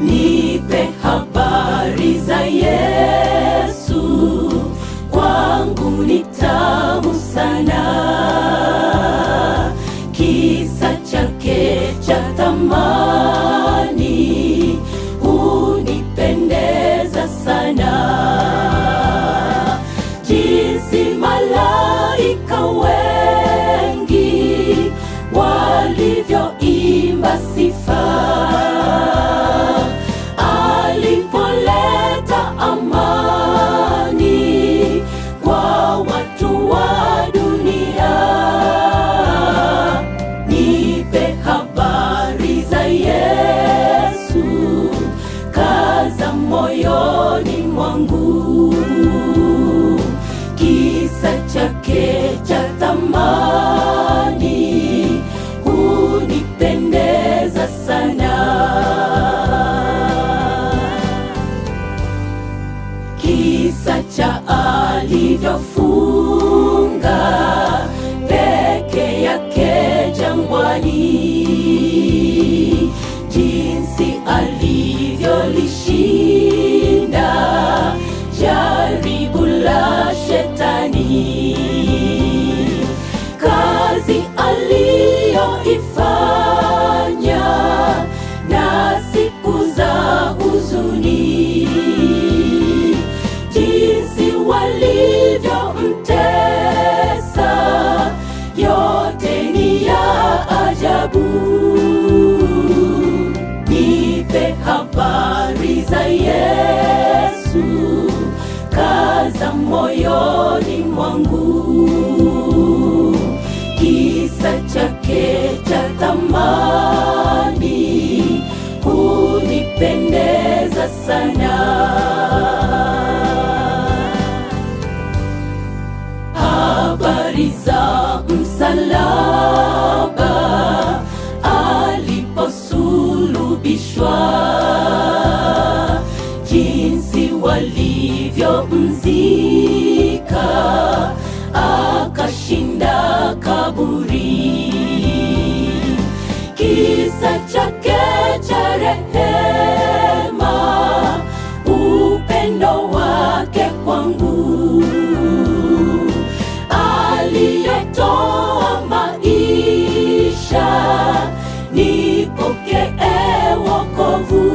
nipe habari za Yesu kwangu nita chake cha thamani hunipendeza sana. Kisa cha alivyofunga peke yake jangwani utakifanya na siku za huzuni, jinsi walivyomtesa, yote ni ya ajabu. Nipe habari za Yesu, kaza moyoni mwangu chake cha thamani hunipendeza sana. Habari za msalaba aliposulubishwa, jinsi walivyomzidi Mungu aliyetoa maisha, nipokee wokovu,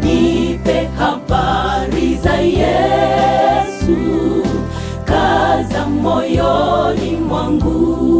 nipe habari za Yesu, kaza moyoni mwangu